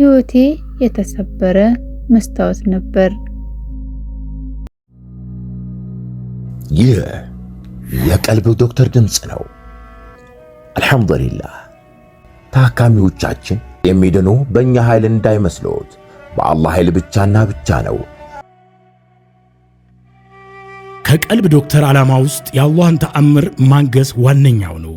ህይወቴ የተሰበረ መስታወት ነበር። ይህ የቀልብ ዶክተር ድምፅ ነው። አልሐምዱሊላህ ታካሚዎቻችን የሚድኑ በእኛ ኃይል እንዳይመስሉት በአላህ ኃይል ብቻና ብቻ ነው። ከቀልብ ዶክተር ዓላማ ውስጥ የአላህን ተአምር ማንገስ ዋነኛው ነው።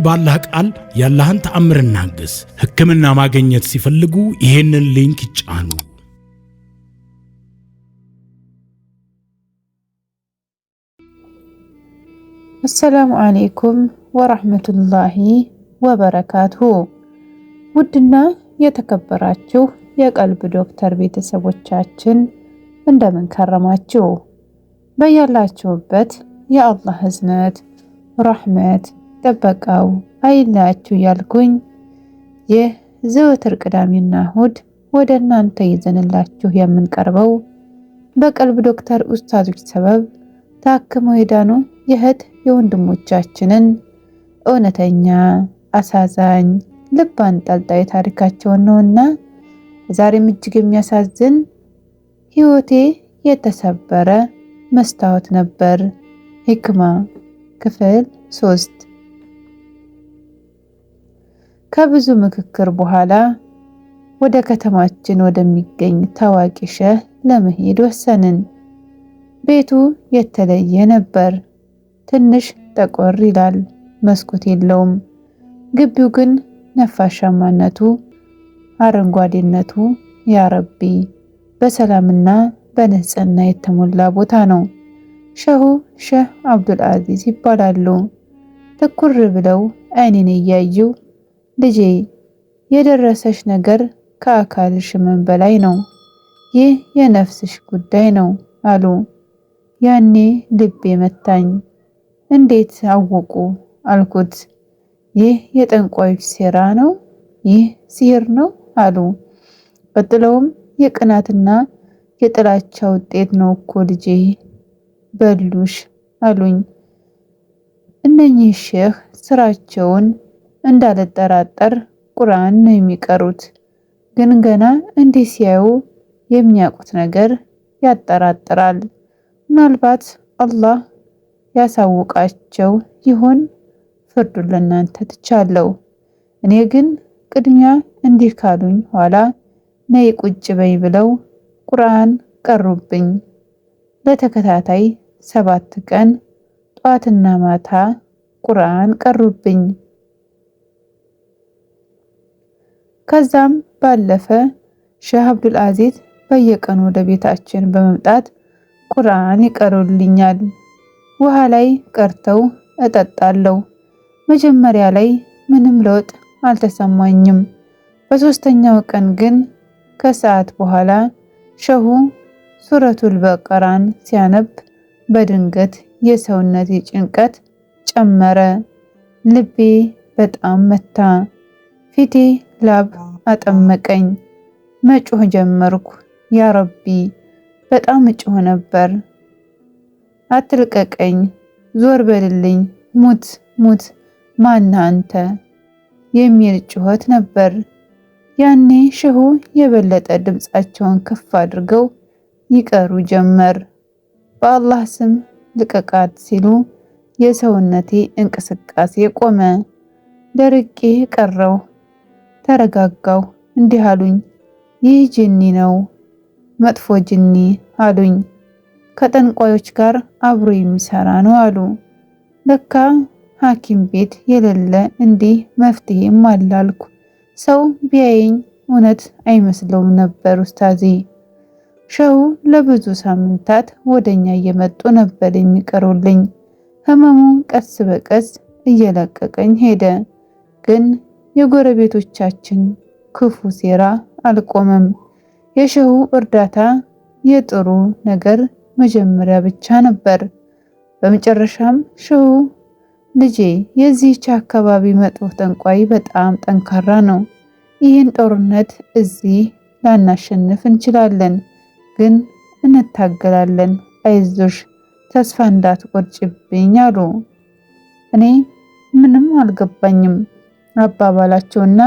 ባላህ ቃል ያላህን ተአምር እናግስ። ሕክምና ማግኘት ሲፈልጉ ይሄንን ሊንክ ይጫኑ። አሰላሙ አሌይኩም ወራህመቱላሂ ወበረካቱሁ። ውድና የተከበራችሁ የቀልብ ዶክተር ቤተሰቦቻችን እንደምን ከረማችሁ? በያላችሁበት የአላህ ህዝነት ረህመት ጠበቃው አይለያችሁ ያልኩኝ ይህ ዘወትር ቅዳሜና እሁድ ወደ እናንተ ይዘንላችሁ የምንቀርበው በቀልብ ዶክተር ኡስታዞች ሰበብ ታክመው የዳኑ የእህት የወንድሞቻችንን እውነተኛ አሳዛኝ ልብ አንጠልጣይ ታሪካቸውን ነውና ዛሬም እጅግ የሚያሳዝን ህይወቴ የተሰበረ መስታወት ነበር። ሂክማ ክፍል ሶስት ከብዙ ምክክር በኋላ ወደ ከተማችን ወደሚገኝ ታዋቂ ሸህ ለመሄድ ወሰንን። ቤቱ የተለየ ነበር። ትንሽ ጠቆር ይላል፣ መስኮት የለውም። ግቢው ግን ነፋሻማነቱ፣ አረንጓዴነቱ ያረቢ በሰላምና በንጽህና የተሞላ ቦታ ነው። ሸሁ ሼህ አብዱል አዚዝ ይባላሉ። ትኩር ብለው አይኔን እያዩ ልጄ የደረሰሽ ነገር ከአካልሽ ምን በላይ ነው፣ ይህ የነፍስሽ ጉዳይ ነው አሉ። ያኔ ልቤ መታኝ። እንዴት አወቁ አልኩት። ይህ የጠንቋዮች ሴራ ነው፣ ይህ ሲህር ነው አሉ። ቀጥለውም የቅናትና የጥላቻ ውጤት ነው እኮ ልጄ በሉሽ አሉኝ። እነኚህ ሼህ ስራቸውን እንዳልጠራጠር ቁርአን ነው የሚቀሩት። ግን ገና እንዲህ ሲያዩ የሚያውቁት ነገር ያጠራጥራል። ምናልባት አላህ ያሳውቃቸው ይሆን? ፍርዱን ለእናንተ ትቻለሁ። እኔ ግን ቅድሚያ እንዲህ ካሉኝ ኋላ ነይ ቁጭ በይ ብለው ቁርአን ቀሩብኝ። ለተከታታይ ሰባት ቀን ጧትና ማታ ቁርአን ቀሩብኝ። ከዛም ባለፈ ሼህ አብዱል አዚዝ በየቀኑ ወደ ቤታችን በመምጣት ቁርአን ይቀሩልኛል። ውሃ ላይ ቀርተው እጠጣለሁ። መጀመሪያ ላይ ምንም ለውጥ አልተሰማኝም። በሶስተኛው ቀን ግን ከሰዓት በኋላ ሸሁ ሱረቱል በቀራን ሲያነብ በድንገት የሰውነት ጭንቀት ጨመረ። ልቤ በጣም መታ። ፊቴ ላብ አጠመቀኝ። መጮህ ጀመርኩ። ያ ረቢ በጣም እጮህ ነበር። አትልቀቀኝ፣ ዞር በልልኝ፣ ሙት ሙት፣ ማና አንተ የሚል ጩኸት ነበር። ያኔ ሽሁ የበለጠ ድምፃቸውን ከፍ አድርገው ይቀሩ ጀመር። በአላህ ስም ልቀቃት ሲሉ የሰውነቴ እንቅስቃሴ ቆመ። ደርቄ ቀረው። ተረጋጋው እንዲህ አሉኝ፣ ይህ ጅኒ ነው፣ መጥፎ ጅኒ አሉኝ። ከጠንቋዮች ጋር አብሮ የሚሰራ ነው አሉ። ለካ ሐኪም ቤት የሌለ እንዲህ መፍትሄም አላልኩ። ሰው ቢያየኝ እውነት አይመስለውም ነበር ኡስታዚ። ሸሁ ለብዙ ሳምንታት ወደኛ እየመጡ ነበር የሚቀሩልኝ። ህመሙ ቀስ በቀስ እየለቀቀኝ ሄደ ግን የጎረቤቶቻችን ክፉ ሴራ አልቆመም። የሸሁ እርዳታ የጥሩ ነገር መጀመሪያ ብቻ ነበር። በመጨረሻም ሸሁ ልጄ፣ የዚህች አካባቢ መጥፎ ጠንቋይ በጣም ጠንካራ ነው። ይህን ጦርነት እዚህ ላናሸንፍ እንችላለን፣ ግን እንታገላለን። አይዞሽ፣ ተስፋ እንዳትቆርጭብኝ አሉ። እኔ ምንም አልገባኝም። አባባላቸውና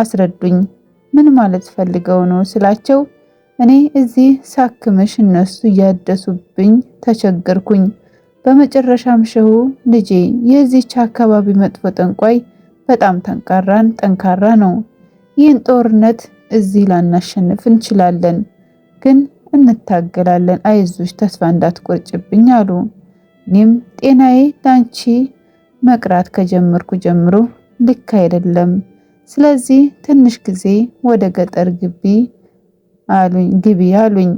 አስረዱኝ። ምን ማለት ፈልገው ነው ስላቸው እኔ እዚህ ሳክምሽ እነሱ እያደሱብኝ ተቸገርኩኝ። በመጨረሻም ሸሁ ልጄ የዚች አካባቢ መጥፎ ጠንቋይ በጣም ጠንካራን ጠንካራ ነው። ይህን ጦርነት እዚህ ላናሸንፍ እንችላለን፣ ግን እንታገላለን። አይዞሽ ተስፋ እንዳትቆርጭብኝ አሉ። እኔም ጤናዬ ላንቺ መቅራት ከጀመርኩ ጀምሮ ልክ አይደለም። ስለዚህ ትንሽ ጊዜ ወደ ገጠር ግቢ አሉኝ ግቢ አሉኝ።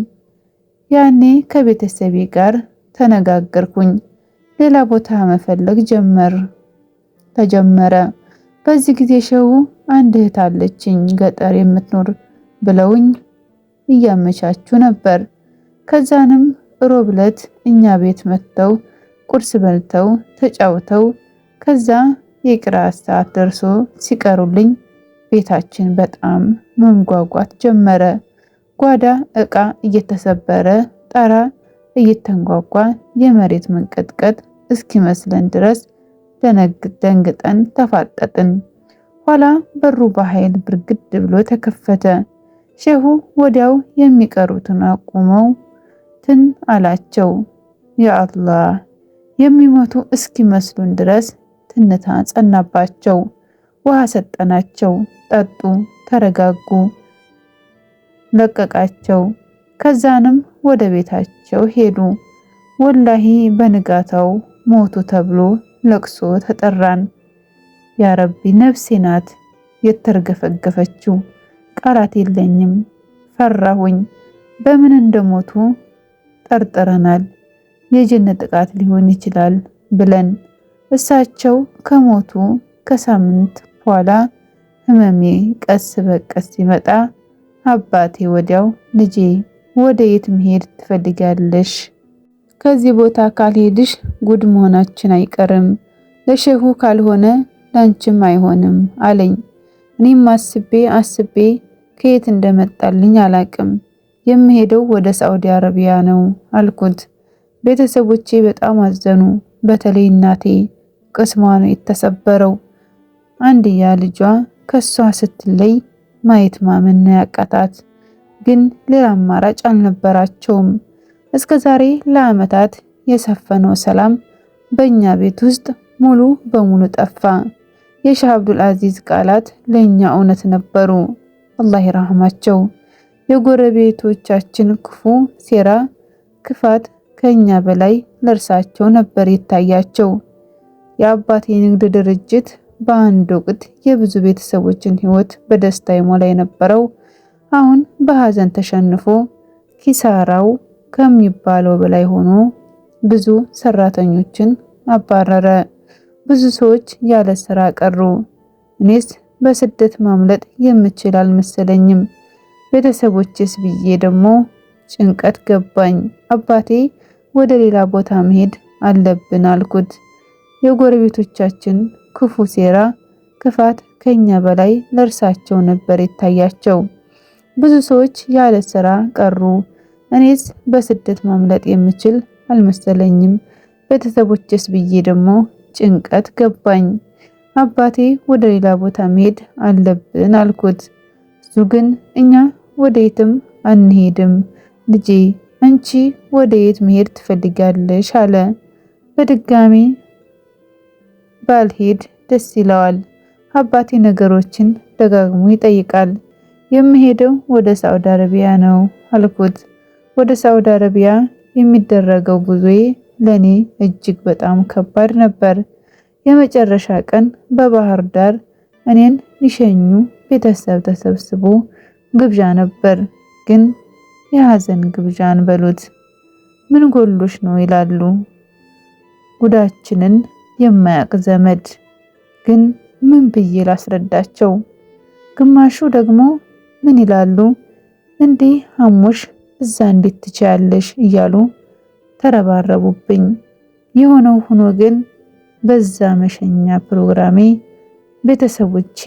ያኔ ከቤተሰቤ ጋር ተነጋገርኩኝ። ሌላ ቦታ መፈለግ ጀመር ተጀመረ። በዚህ ጊዜ ሸው አንድ እህት አለችኝ ገጠር የምትኖር ብለውኝ እያመቻቹ ነበር። ከዛንም ሮብለት እኛ ቤት መጥተው ቁርስ በልተው ተጫውተው ከዛ የቅራ ሰዓት ደርሶ ሲቀሩልኝ ቤታችን በጣም መንጓጓት ጀመረ። ጓዳ እቃ እየተሰበረ፣ ጣራ እየተንጓጓ፣ የመሬት መንቀጥቀጥ እስኪመስለን ድረስ ደንግጠን ተፋጠጥን። ኋላ በሩ በኃይል ብርግድ ብሎ ተከፈተ። ሼሁ ወዲያው የሚቀሩትን አቁመው ትን አላቸው። ያአላህ የሚሞቱ እስኪመስሉን ድረስ ትንታ ጸናባቸው። ውሃ ሰጠናቸው፣ ጠጡ፣ ተረጋጉ፣ ለቀቃቸው። ከዛንም ወደ ቤታቸው ሄዱ። ወላሂ በንጋታው ሞቱ ተብሎ ለቅሶ ተጠራን። ያረቢ ነፍሴ ናት የተርገፈገፈችው። ቃላት የለኝም፣ ፈራሁኝ። በምን እንደሞቱ ጠርጥረናል። የጅን ጥቃት ሊሆን ይችላል ብለን እሳቸው ከሞቱ ከሳምንት በኋላ ህመሜ ቀስ በቀስ ሲመጣ አባቴ ወዲያው ልጄ ወደ የት መሄድ ትፈልጋለሽ? ከዚህ ቦታ ካልሄድሽ ጉድ መሆናችን አይቀርም። ለሼሁ ካልሆነ ላንችም አይሆንም አለኝ። እኔም አስቤ አስቤ ከየት እንደመጣልኝ አላቅም። የምሄደው ወደ ሳዑዲ አረቢያ ነው አልኩት። ቤተሰቦቼ በጣም አዘኑ፣ በተለይ እናቴ ቅስሟ ነው የተሰበረው። አንድያ ልጇ ከሷ ስትለይ ማየት ማመን ያቃታት፣ ግን ሌላ አማራጭ አልነበራቸውም። እስከዛሬ ለአመታት የሰፈነው ሰላም በእኛ ቤት ውስጥ ሙሉ በሙሉ ጠፋ። የሻህ አብዱል አዚዝ ቃላት ለኛ እውነት ነበሩ። አላህ ይራህማቸው። የጎረቤቶቻችን ክፉ ሴራ፣ ክፋት ከኛ በላይ ለእርሳቸው ነበር ይታያቸው። የአባቴ የንግድ ድርጅት በአንድ ወቅት የብዙ ቤተሰቦችን ሕይወት በደስታ ይሞላ የነበረው አሁን በሐዘን ተሸንፎ ኪሳራው ከሚባለው በላይ ሆኖ ብዙ ሰራተኞችን አባረረ። ብዙ ሰዎች ያለ ስራ ቀሩ። እኔስ በስደት ማምለጥ የምችል አልመሰለኝም። ቤተሰቦችስ ብዬ ደግሞ ጭንቀት ገባኝ። አባቴ ወደ ሌላ ቦታ መሄድ አለብን አልኩት። የጎረቤቶቻችን ክፉ ሴራ፣ ክፋት ከኛ በላይ ለእርሳቸው ነበር ይታያቸው። ብዙ ሰዎች ያለ ስራ ቀሩ። እኔስ በስደት ማምለጥ የምችል አልመሰለኝም። ቤተሰቦቼስ ብዬ ደግሞ ጭንቀት ገባኝ። አባቴ ወደ ሌላ ቦታ መሄድ አለብን አልኩት። እሱ ግን እኛ ወደ የትም አንሄድም ልጄ፣ አንቺ ወደ የት መሄድ ትፈልጋለሽ? አለ በድጋሚ ባልሄድ ደስ ይለዋል። አባቴ ነገሮችን ደጋግሞ ይጠይቃል። የምሄደው ወደ ሳውዲ አረቢያ ነው አልኩት። ወደ ሳውዲ አረቢያ የሚደረገው ጉዞዬ ለኔ እጅግ በጣም ከባድ ነበር። የመጨረሻ ቀን በባህር ዳር እኔን ሊሸኙ ቤተሰብ ተሰብስቦ ግብዣ ነበር፣ ግን የሀዘን ግብዣን በሉት ምን ጎሎሽ ነው ይላሉ። ጉዳችንን የማያቅ ዘመድ ግን ምን ብዬ ላስረዳቸው? ግማሹ ደግሞ ምን ይላሉ እንዲህ አሞሽ እዛ እንዴት ትችያለሽ እያሉ ተረባረቡብኝ። የሆነው ሆኖ ግን በዛ መሸኛ ፕሮግራሜ ቤተሰቦቼ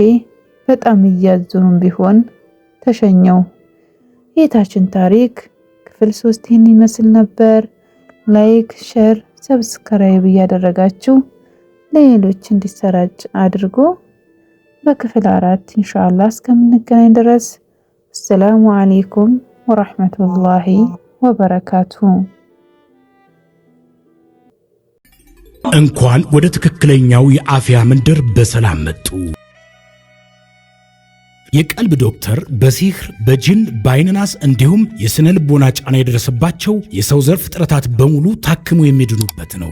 በጣም እያዘኑም ቢሆን ተሸኘው። የታችን ታሪክ ክፍል ሶስት ይህን ይመስል ነበር። ላይክ፣ ሼር ሰብስክራይብ እያደረጋችሁ ለሌሎች እንዲሰራጭ አድርጎ በክፍል አራት እንሻላ እስከምንገናኝ ድረስ አሰላሙ አሌይኩም ወራህመቱላሂ ወበረካቱ። እንኳን ወደ ትክክለኛው የአፍያ መንደር በሰላም መጡ። የቀልብ ዶክተር በሲህር በጅን በአይነናስ እንዲሁም የስነ ልቦና ጫና የደረሰባቸው የሰው ዘር ፍጥረታት በሙሉ ታክሞ የሚድኑበት ነው።